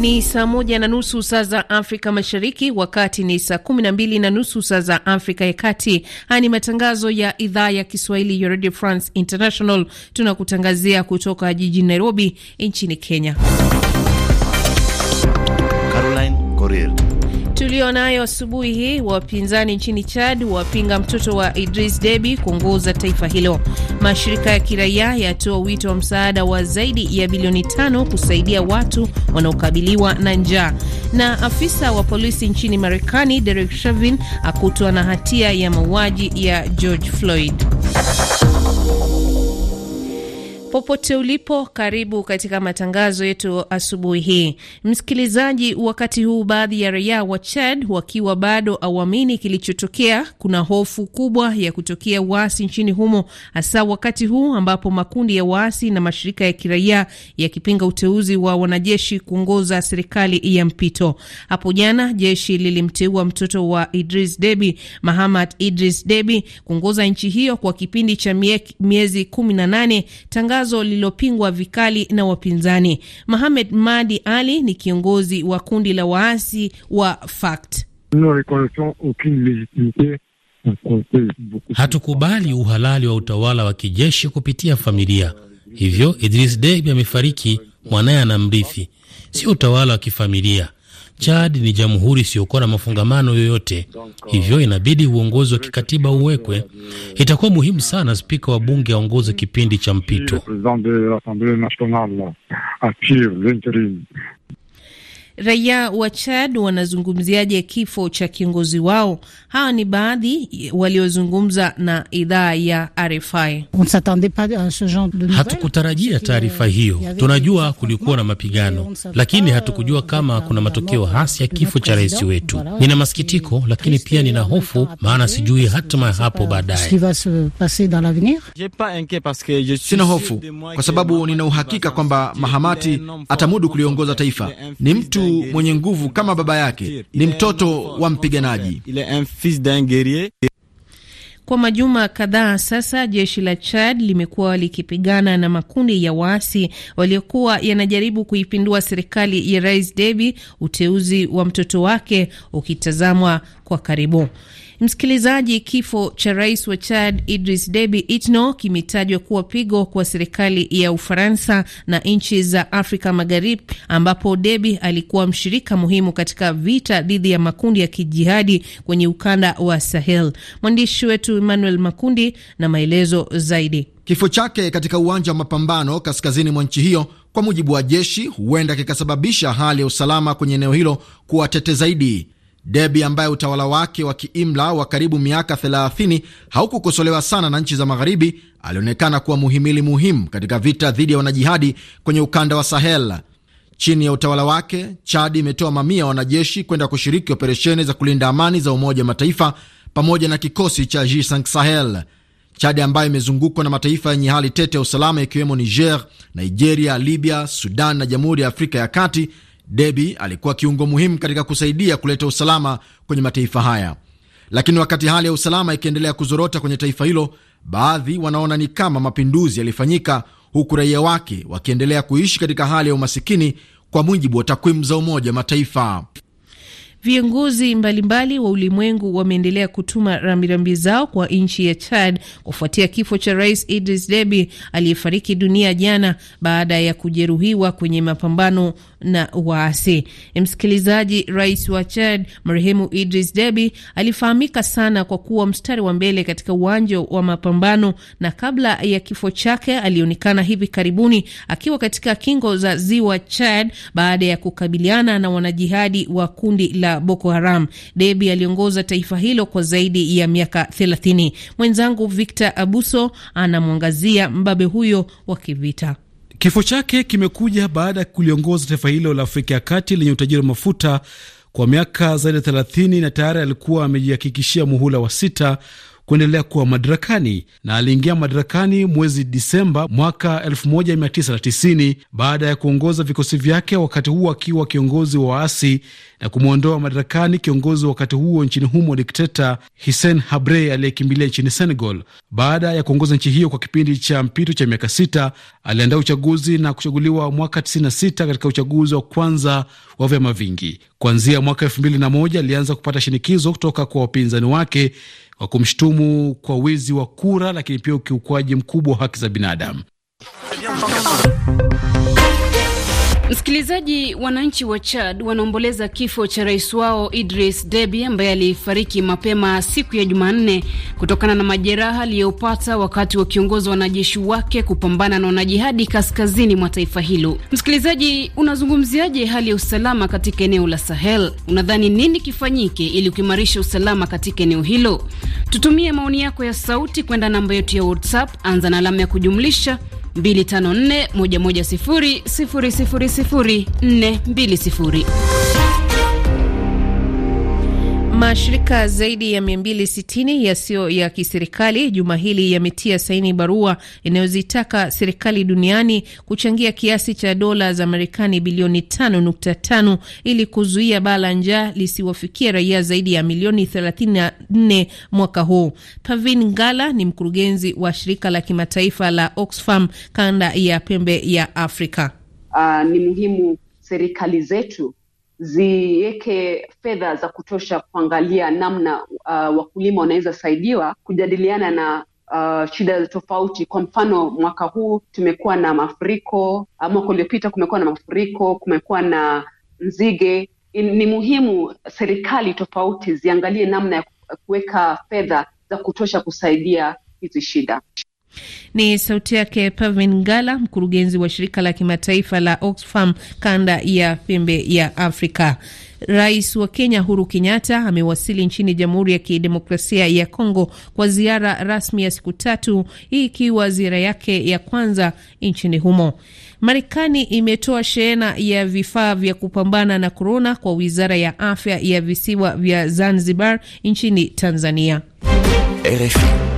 Ni saa moja na nusu saa za Afrika Mashariki, wakati ni saa kumi na mbili na nusu saa za Afrika ya Kati. Haya ni matangazo ya idhaa ya Kiswahili ya Radio France International. Tunakutangazia kutoka jijini Nairobi nchini Kenya. tulio nayo asubuhi hii: wapinzani nchini Chad wapinga mtoto wa Idris Deby kuongoza taifa hilo. Mashirika ya kiraia yatoa wito wa msaada wa zaidi ya bilioni tano kusaidia watu wanaokabiliwa na njaa. Na afisa wa polisi nchini Marekani Derek Chauvin akutwa na hatia ya mauaji ya George Floyd. Popote ulipo, karibu katika matangazo yetu asubuhi hii, msikilizaji. Wakati huu baadhi ya raia wa Chad wakiwa bado awamini kilichotokea, kuna hofu kubwa ya kutokea waasi nchini humo, hasa wakati huu ambapo makundi ya waasi na mashirika ya kiraia yakipinga uteuzi wa wanajeshi kuongoza serikali ya mpito. Hapo jana jeshi lilimteua mtoto wa Idris Deby, mahamad Idris Deby, kuongoza nchi hiyo kwa kipindi cha miezi nane tangu tangazo lililopingwa vikali na wapinzani. Mohamed Madi Ali ni kiongozi wa kundi la waasi wa FACT. Hatukubali uhalali wa utawala wa kijeshi kupitia familia. Hivyo Idris Deby amefariki, mwanaye anamrithi, sio utawala wa kifamilia. Chad ni jamhuri isiyokuwa na mafungamano yoyote, hivyo inabidi uongozi wa kikatiba uwekwe. Itakuwa muhimu sana spika wa bunge aongoze kipindi cha mpito. Raia wa Chad wanazungumziaje kifo cha kiongozi wao? Hawa ni baadhi waliozungumza na idhaa ya RFI. Hatukutarajia taarifa euh, hiyo. Tunajua kulikuwa na mapigano, lakini euh, hatukujua kama kuna matokeo hasi ya kifo cha rais wetu. Nina masikitiko, lakini pia nina hofu, maana sijui hatima ya hapo baadaye. Sina hofu kwa sababu nina uhakika kwamba Mahamati atamudu kuliongoza taifa. Ni mtu mwenye nguvu kama baba yake, ni mtoto wa mpiganaji. Kwa majuma kadhaa sasa, jeshi la Chad limekuwa likipigana na makundi ya waasi waliokuwa yanajaribu kuipindua serikali ya Rais Deby, uteuzi wa mtoto wake ukitazamwa kwa karibu. Msikilizaji, kifo cha rais wa Chad Idris Deby Itno kimetajwa kuwa pigo kwa serikali ya Ufaransa na nchi za Afrika Magharibi, ambapo Deby alikuwa mshirika muhimu katika vita dhidi ya makundi ya kijihadi kwenye ukanda wa Sahel. Mwandishi wetu Emmanuel Makundi na maelezo zaidi. Kifo chake katika uwanja wa mapambano kaskazini mwa nchi hiyo, kwa mujibu wa jeshi, huenda kikasababisha hali ya usalama kwenye eneo hilo kuwa tete zaidi. Deby ambaye utawala wake wa kiimla wa karibu miaka 30 haukukosolewa sana na nchi za Magharibi, alionekana kuwa muhimili muhimu katika vita dhidi ya wanajihadi kwenye ukanda wa Sahel. Chini ya utawala wake, Chad imetoa mamia ya wanajeshi kwenda kushiriki operesheni za kulinda amani za Umoja wa Mataifa pamoja na kikosi cha G5 Sahel. Chad ambayo imezungukwa na mataifa yenye hali tete ya usalama ikiwemo Niger, Nigeria, Libya, Sudan na Jamhuri ya Afrika ya Kati Deby alikuwa kiungo muhimu katika kusaidia kuleta usalama kwenye mataifa haya, lakini wakati hali ya usalama ikiendelea kuzorota kwenye taifa hilo, baadhi wanaona ni kama mapinduzi yalifanyika, huku raia wake wakiendelea kuishi katika hali ya umasikini, kwa mujibu wa takwimu za Umoja Mataifa. Viongozi mbalimbali wa ulimwengu wameendelea kutuma rambirambi zao kwa nchi ya Chad kufuatia kifo cha Rais Idris Deby aliyefariki dunia jana baada ya kujeruhiwa kwenye mapambano na waasi. Msikilizaji, rais wa Chad marehemu Idris Deby alifahamika sana kwa kuwa mstari wa mbele katika uwanja wa mapambano, na kabla ya kifo chake alionekana hivi karibuni akiwa katika kingo za ziwa Chad baada ya kukabiliana na wanajihadi wa kundi la la Boko Haram. Debi aliongoza taifa hilo kwa zaidi ya miaka 30. Mwenzangu Victor Abuso anamwangazia mbabe huyo wa kivita. Kifo chake kimekuja baada ya kuliongoza taifa hilo la Afrika ya Kati lenye utajiri wa mafuta kwa miaka zaidi ya 30 na tayari alikuwa amejihakikishia muhula wa sita kuendelea kuwa madarakani na aliingia madarakani mwezi Disemba mwaka 1990 baada ya kuongoza vikosi vyake, wakati huo akiwa kiongozi wa waasi na kumwondoa madarakani kiongozi wakati huo nchini humo dikteta Hisen Habre aliyekimbilia nchini Senegal. Baada ya kuongoza nchi hiyo kwa kipindi cha mpito cha miaka sita, aliandaa uchaguzi na kuchaguliwa mwaka 96 katika uchaguzi wa kwanza wa vyama vingi. Kuanzia mwaka 2001 alianza kupata shinikizo kutoka kwa wapinzani wake wa kumshutumu kwa wizi wa kura, lakini pia ukiukwaji mkubwa wa haki za binadamu. Msikilizaji, wananchi wa Chad wanaomboleza kifo cha rais wao Idris Deby ambaye alifariki mapema siku ya Jumanne kutokana na majeraha aliyopata wakati wakiongoza wanajeshi wake kupambana na wanajihadi kaskazini mwa taifa hilo. Msikilizaji, unazungumziaje hali ya usalama katika eneo la Sahel? Unadhani nini kifanyike ili kuimarisha usalama katika eneo hilo? Tutumie maoni yako ya sauti kwenda namba yetu ya WhatsApp, anza na alama ya kujumlisha 254 110 000 420. Mashirika zaidi ya 260 yasiyo ya kiserikali juma hili yametia saini barua inayozitaka serikali duniani kuchangia kiasi cha dola za Marekani bilioni 5.5 ili kuzuia baa la njaa lisiwafikia raia zaidi ya milioni 34 mwaka huu. Pavin Ngala ni mkurugenzi wa shirika la kimataifa la Oxfam kanda ya pembe ya Afrika. Uh, ni muhimu serikali zetu ziweke fedha za kutosha kuangalia namna uh, wakulima wanaweza saidiwa kujadiliana na Uh, shida tofauti. Kwa mfano mwaka huu tumekuwa na mafuriko, uh, mwaka uliopita kumekuwa na mafuriko, kumekuwa na nzige. Ni muhimu serikali tofauti ziangalie namna ya kuweka fedha za kutosha kusaidia hizi shida. Ni sauti yake Pavin Gala, mkurugenzi wa shirika la kimataifa la Oxfam kanda ya pembe ya Afrika. Rais wa Kenya Uhuru Kenyatta amewasili nchini Jamhuri ya Kidemokrasia ya Kongo kwa ziara rasmi ya siku tatu, hii ikiwa ziara yake ya kwanza nchini humo. Marekani imetoa shehena ya vifaa vya kupambana na korona kwa wizara ya afya ya visiwa vya Zanzibar nchini Tanzania. RFI.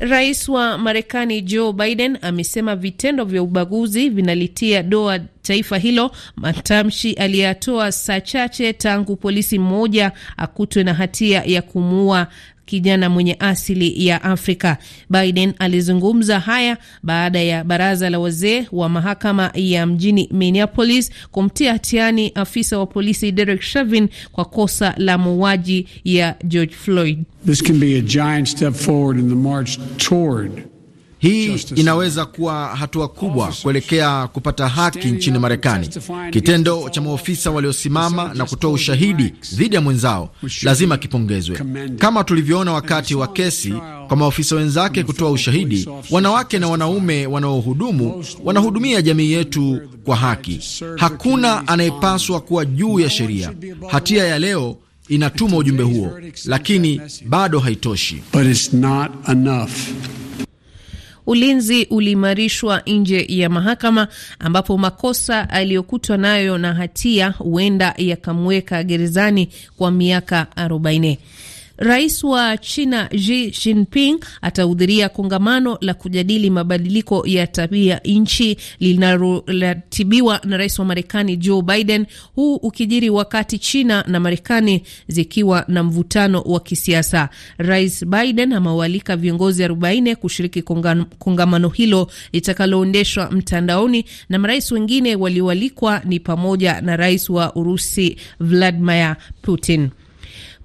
Rais wa Marekani Joe Biden amesema vitendo vya ubaguzi vinalitia doa taifa hilo, matamshi aliyatoa saa chache tangu polisi mmoja akutwe na hatia ya kumuua kijana mwenye asili ya Afrika. Biden alizungumza haya baada ya baraza la wazee wa mahakama ya mjini Minneapolis kumtia hatiani afisa wa polisi Derek Chauvin kwa kosa la mauaji ya George Floyd. This can be a giant step forward in the march toward hii inaweza kuwa hatua kubwa kuelekea kupata haki nchini Marekani. Kitendo cha maofisa waliosimama na kutoa ushahidi dhidi ya mwenzao lazima kipongezwe, kama tulivyoona wakati wa kesi kwa maofisa wenzake kutoa ushahidi. Wanawake na wanaume wanaohudumu wanahudumia jamii yetu kwa haki. Hakuna anayepaswa kuwa juu ya sheria. Hatia ya leo inatuma ujumbe huo, lakini bado haitoshi ulinzi uliimarishwa nje ya mahakama, ambapo makosa aliyokutwa nayo na hatia huenda yakamweka gerezani kwa miaka 40. Rais wa China Xi Jinping atahudhuria kongamano la kujadili mabadiliko ya tabia nchi linaloratibiwa na rais wa Marekani Joe Biden, huu ukijiri wakati China na Marekani zikiwa na mvutano wa kisiasa. Rais Biden amewaalika viongozi 40 kushiriki kongamano hilo litakaloendeshwa mtandaoni, na marais wengine walioalikwa ni pamoja na rais wa Urusi Vladimir Putin.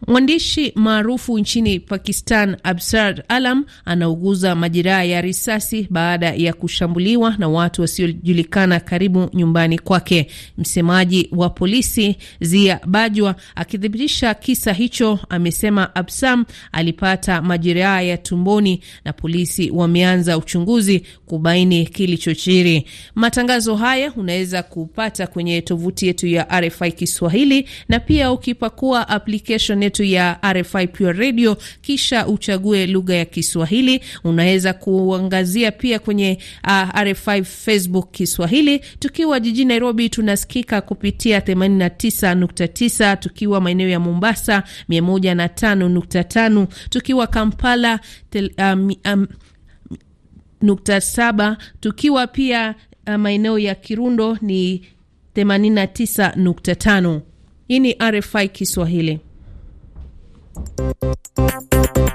Mwandishi maarufu nchini Pakistan Absar Alam anauguza majeraha ya risasi baada ya kushambuliwa na watu wasiojulikana karibu nyumbani kwake. Msemaji wa polisi Zia Bajwa akithibitisha kisa hicho amesema Absam alipata majeraha ya tumboni na polisi wameanza uchunguzi kubaini kilichojiri. Matangazo haya unaweza kupata kwenye tovuti yetu ya RFI Kiswahili na pia ukipakua application yetu ya RFI Pure Radio, kisha uchague lugha ya Kiswahili. Unaweza kuangazia pia kwenye uh, RFI Facebook Kiswahili. Tukiwa jijini Nairobi tunasikika kupitia 89.9, tukiwa maeneo ya Mombasa 105.5, tukiwa Kampala tel, um, um, nukta saba, tukiwa pia uh, maeneo ya Kirundo ni 89.5. Hii ni RFI Kiswahili. Thank you.